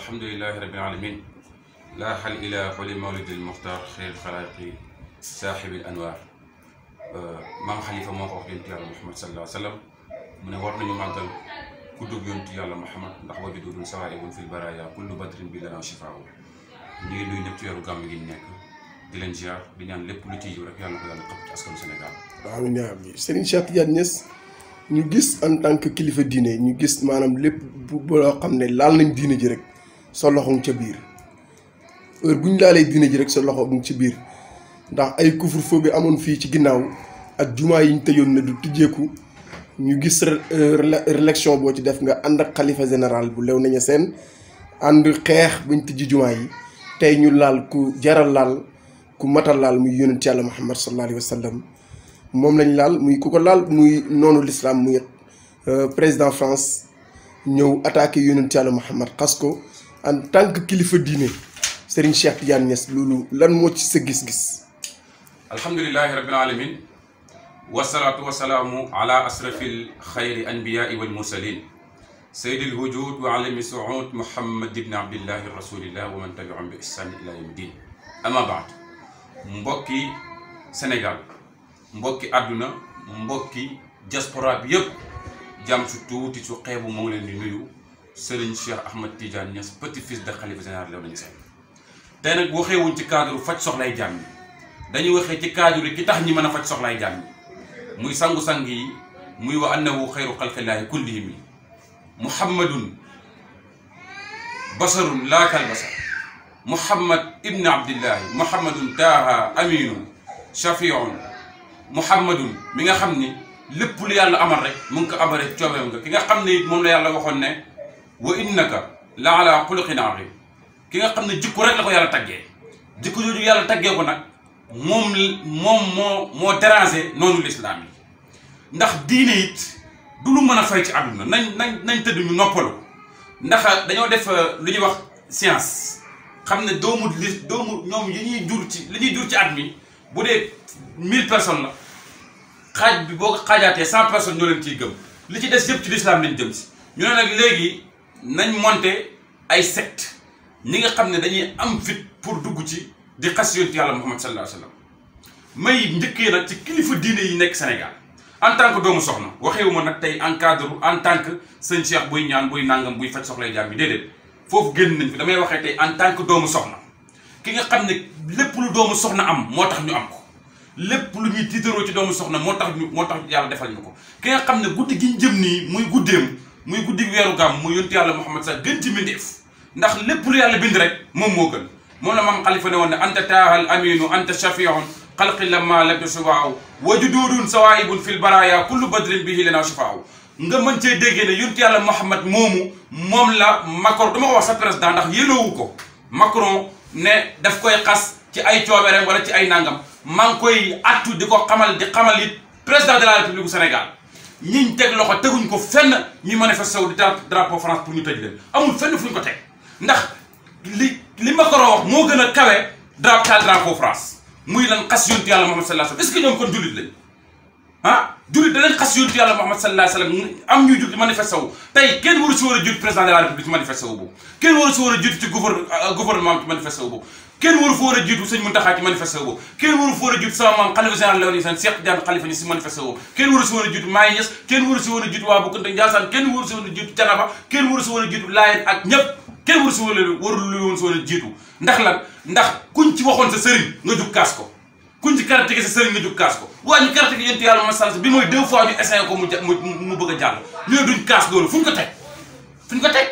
الحمد لله رب العالمين لا حل إلى قول مولد المختار خير الخلائق ساحب الأنوار ما خليفة موقف بنت الله محمد صلى الله عليه وسلم من ورن من عدل كل بنت الله محمد نحو بدور سائب في البرايا كل بدر بلا شفاء نيل نيل نبت يا رجال من هناك دلنا جار بنيان لبوليتي يورك يا نقول أنا قبض أسكن السنغال آمين يا أبي سنين شاك يا نيس نيجس أن تانك كلفة دينه نيجس ما نم لب بولا قمنا لالن دينه جرك sa loxo nga ca biir heure bu ñu laalee diine ji rek sa loxo nga ci biir ndax ay couvre-feu bi amoon fii ci ginnaaw ak jumaa yi ñu tëjoon ne du tijjeeku ñu gis rélection boo ci def nga ànd ak xalifa général bu lew nañu seen ànd xeex buñ tijji jumaa yi tey ñu laal ku jaral laal ku matal laal muy yonent yàlla muhammad sallallahu alayhi moom lañ laal muy ku ko laal muy noonu lislaam muy euh, président France ñëw attaqué yonent yàlla muhammad xas ko en tant que kilifa diine Serigne Cheikh Tidiane ness lolu lan mo ci sa gis-gis. alhamdulilahi rabbil alamin wasalaatu wasalaamu ala asrafil khair anbiya wal mursalin سيد الوجود وعلم سعود محمد بن عبد الله rasulillah الله ومن تبعهم باحسان الى يوم الدين اما بعد baad سنغال Sénégal mbokki àdduna mbokki diaspora bi yëpp jàmm su tuuti su xeebu moo Serigne Cheikh Ahmed Tidiane Niass petit fils de xalifa général Léona Niassène tey nag waxee wuñ ci cadre faj soxlay jaam ñi dañuy waxee ci cadre ki tax ñi mën a faj soxlay jaam ñi muy sangu-sang yi muy wa annahu xayru xalqillaahi kullihim muhammadun basarun laa kal basar muhammad ibn abdillahi muhammadun taaha aminu shafiun muhammadun mi nga xam ni lépp lu yàlla amal rek mu ngi ko amale coobeem nga ki nga xam ne it moom la yàlla waxoon ne وإنك لعلى خلق عظيم كي خامني جيكو رك لاكو يالا تاغي جيكو جوجو يالا تاغي كو ناك موم موم مو مو ترانسي نون الاسلامي ناخ دينيت دولو مانا فاي سي ادنا نان نان تيد ني نوبلو ناخ دانيو ديف لوني واخ سيانس خامني دومو دومو نيوم يني جورتي لي ني جورتي ادمي بودي 1000 بيرسون لا خاج بي بوك خاجاتي 100 بيرسون نولن تي گم لي تي ديس ييب تي الاسلام نين ديم ني نان نك لغي nañ monter ay secte ñi nga xam ne dañuy am fit pour dugg ci di xas yonent yàlla Muhammad sallallahu alayhi wa sallam may njëkkee nag ci kilifa diine yi nekk Sénégal en tant que doomu soxna waxeewuma nag tey en cadre en tant que sëñ Cheikh buy ñaan buy nangam buy faj soxlay jaam yi déedéet foofu génn nañ fi damay waxee tey en tant que doomu soxna ki nga xam ne lépp lu doomu soxna am moo tax ñu am ko lépp lu ñuy tiitaroo ci doomu soxna moo tax ñu moo tax yàlla defal ñu ko ki nga xam ne guddi gi jëm nii muy guddeem muy guddig wéru gam mu yonti yàlla Muhammad sa gën ci mbindeef ndax lépp lu yàlla bind rek mom mo gën moom la mam khalifa ne won anta tahal aminu anta shafiun khalqi lamma labdu subaaw wa sawaibun fil baraya kullu badrin bihi lana shifaaw nga man ci déggé ne yonti yàlla Muhammad momu mom la makor dama wax sa président ndax yelo wuko Macron ne daf koy xas ci ay coobere wala ci ay nangam mang koy attu diko xamal di xamal it président de la république du Sénégal ñiñ teg loxo teguñ ko fenn ñuy manifesté wu di drapeau France pour ñu tëj leen amul fenn fu ñu ko teg ndax li li ma ko wax moo gën a kawe drapeau drapeau France muy lan xas yontu yàlla Muhammad sallallahu alayhi wasallam est-ce que ñoom jullit lañ ah jullit danañ xas yonent yàlla Muhammad sallallahu alayhi wa sallam am ñuy jug di manifesté wu tey kenn waru si war a jug président de la république manifesté wu boobu kenn waru si war a jiitu ci gouvernement ci manifesté wu boobu kenn waru fa war a jiitu sëñ Muntaxa ci manifesté wu boobu kenn waru fa war a jiitu sama maam xalifa général la san Cheikh Diagne xalifa ni si manifesté wu boobu kenn waru si war a jiitu Maay Ñas kenn waru si war a jiitu waa Bokk Njaasaan kenn waru si war a jiitu Canaba kenn waru si war a jiitu Laayeen ak ñépp kenn waru si war a warul woon si war a jiitu ndax lan ndax kuñ ci waxoon sa sëriñ nga jug kaas ko kuñ ci karate gi sa sëriñ nga jug kaas ko waa ñu karate gi yonent yàlla ma sant bi mooy deux fois ñu essayé ko mu mu bëgg a jàll ñooy duñ kaas loolu fu ñu ko teg fu ñu ko teg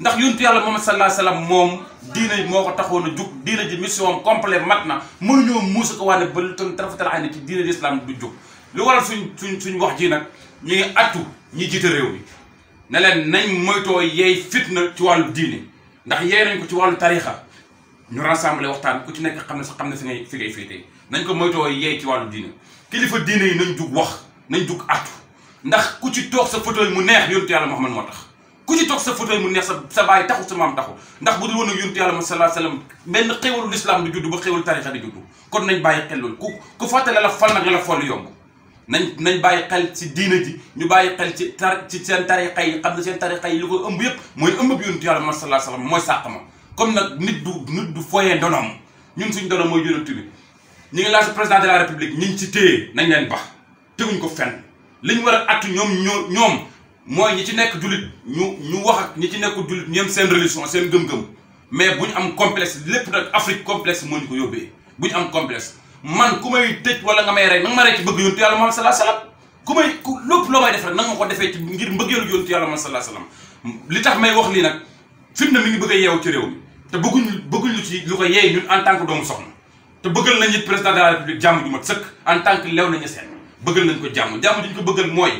ndax yonent yàlla Muhammad sallallahu alayhi moom diina moo ko taxoon a jug diina ji mission complet mat na mënuñoo muusa ko waane ba lu toll tarafatal ay ne ci diina ji islam du jug lu waral suñ suñ suñ wax jii nag ñu ngi attu ñi jiite réew mi ne leen nañ moytoo yeey fitna ci wàllu diine ndax yeey nañ ci wàllu tarixa ñu rassemble waxtaan ku ci nekk xam ne sa xam ne fi ngay fi ngay nañ ko moytoo yee ci walu diine kilifa diine yi nañ jug wax nañ jug attu ndax ku ci tok sa fauteuil mu neex yontu yàlla Muhammad motax ku ci tok sa fauteuil mu neex sa sa bàyyi taxu sa mam taxu ndax bu dul woon ak yontu yàlla muhammad sallallahu alayhi wasallam ben xewul l'islam du judd ba xewul tarikha du judd kon nañ baye xel lol ku ku fàttale la fal nak la fol yomb nañ nañ baye xel ci diine ji ñu baye xel ci tar ci sen tarikha yi xam na sen tarikha yi li ko ëmb yëpp mooy ëmbab yontu yàlla muhammad sallallahu alayhi wasallam moy saxama comme nak nit du nit du foyé ndonoom ñun suñu dono moy yonent bi ñi ngi lancé président de la république ñi ngi ci téye nañ leen bax teguñ ko fen li ñu war a attu ñoom ñoo ñoom mooy ñi ci nekk jullit ñu ñu wax ak ñi ci nekk jullit ñoom seen religion seen gëm-gëm mais bu ñu am complexe lépp nag Afrique complexe moo ñu ko yóbbee bu ñu am complexe man ku may tëj wala nga may rey nanga ma rey ci bëgg yontu yàlla Muhammad sallallahu alayhi wasallam ku may ku ma ko defee ci ngir mbëggeelu yontu yàlla Muhammad sallallahu alayhi wasallam li tax may wax lii nag fitna mi ngi bëgg a yeewu ci réew mi te bëgguñ bëgguñ lu ci lu ko yeey que doomu soxna te bëggal nañ it président de jàmm ju sëkk en tant que lew nañu seen bëggal nañ ko jàmm jàmm duñ ko bëggal mooy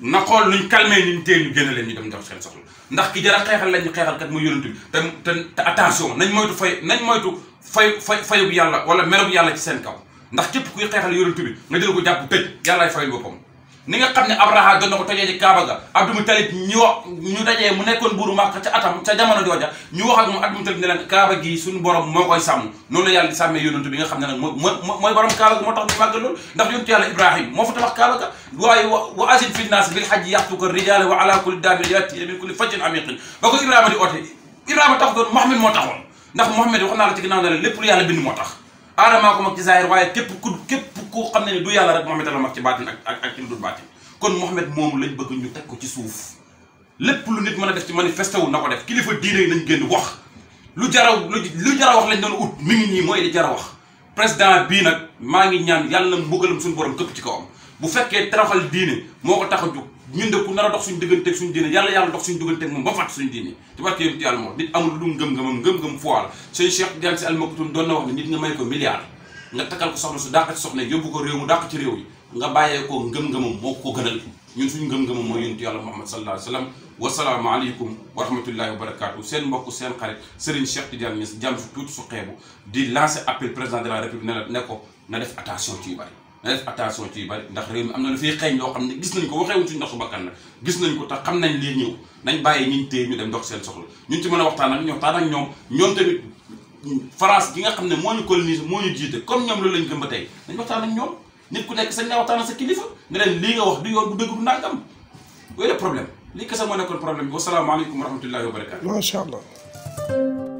na xool nuñ calmé niñ tee ñu génn leen ñu dem dox seen soxla ndax ki jara xeexal lañ ñu xeexal kat muy yonent bi te te te attention nañ moytu fay nañ moytu fay fay fayu bu yàlla wala meru yàlla ci seen kaw ndax képp kuy xeexal yonent bi nga jël ko jàpp tëj yàllaay boppam ni nga xam ne Abraha doon na ko tojee ci Kaaba ga wax ñu dajee mu nekkoon buuru Màkka ca atam ca jamono jooja ñu wax ak moom Abdul Mutalib ne leen Kaaba borom moo koy sàmm noonu la yàlla di sàmmee yonantu bi nga xam ne nag moo mooy borom Kaaba ga moo tax ñu màggal loolu ndax yonantu yàlla Ibrahim moo fa tabax Kaaba ga waaye wa azin fi naas bil hajji yaxtuka rijaale wa ala kulli daabir yaati min kulli fajjin amiqin ba ko Ibrahima di oote Ibrahima la ci ginnaaw ne aadamaa ko mag ci zahir waaye képp ku képp koo xam ne ni du yàlla rek Mouhamed la mag ci baatin ak ak ci lu dul baatin kon Mouhamed moom lañ bëgg ñu teg ko ci suuf lépp lu nit mën a def ci manifesté wu na ko def kilifa diine yi nañ génn wax lu jaraw lu jara wax lañ doon ut mi ngi nii mooy di jara wax président bii nag maa ngi ñaan yàlla mbugalam suñu borom këpp ci kawam bu fekkee taraxal diine moo ko tax a jug ñun de ku nar dox suñu digganteeg suñu diine yàlla yàlla dox suñu digganteeg moom ba fàtt suñu diine ci barke yëpp yàlla moo nit amul lu ngëm-ngëmam ngëm-ngëm foi la sëñ Cheikh Diagne Sy Al Maktoum doon na wax ne nit nga may ko milliard nga takkal ko soxna su dàq ci soxna yóbbu ko réew mu dàq ci réew yi nga bàyyee ko ngëm-ngëmam moo ko gënal ñun suñu ngëm-ngëmam mooy yonent yàlla Muhammad sallallahu alayhi wa sallam wasalaamaaleykum wa rahmatullahi wa barakaatu seen mbokk seen xarit Serigne Cheikh Tidiane Niass jàmm su di lancer appel président de ne ko na def attention ci yu na def attention ci yu bari ndax réew mi am na lu fiy xeeñ loo xam ne gis nañ ko waxeewuñ ci ndox su bakkan nag gis nañ ko te xam nañ lii ñëw nañ bàyyi ñiñ téye ñu dem dox seen soxla ñun ci mën a waxtaan ak ñoom waxtaan ak ñoom ñoom tamit France gi nga xam ne moo ñu colonise moo ñu jiite comme ñoom loolu lañ gëm ba tey nañ waxtaan ak ñoom nit ku nekk sañ naa waxtaan ak sa kilifa ne leen lii nga wax du yoon bu dëgg du nangam yooyu la problème lii kese moo nekkoon problème bi wasalaamaaleykum wa rahmatullahi wa barakatu macha allah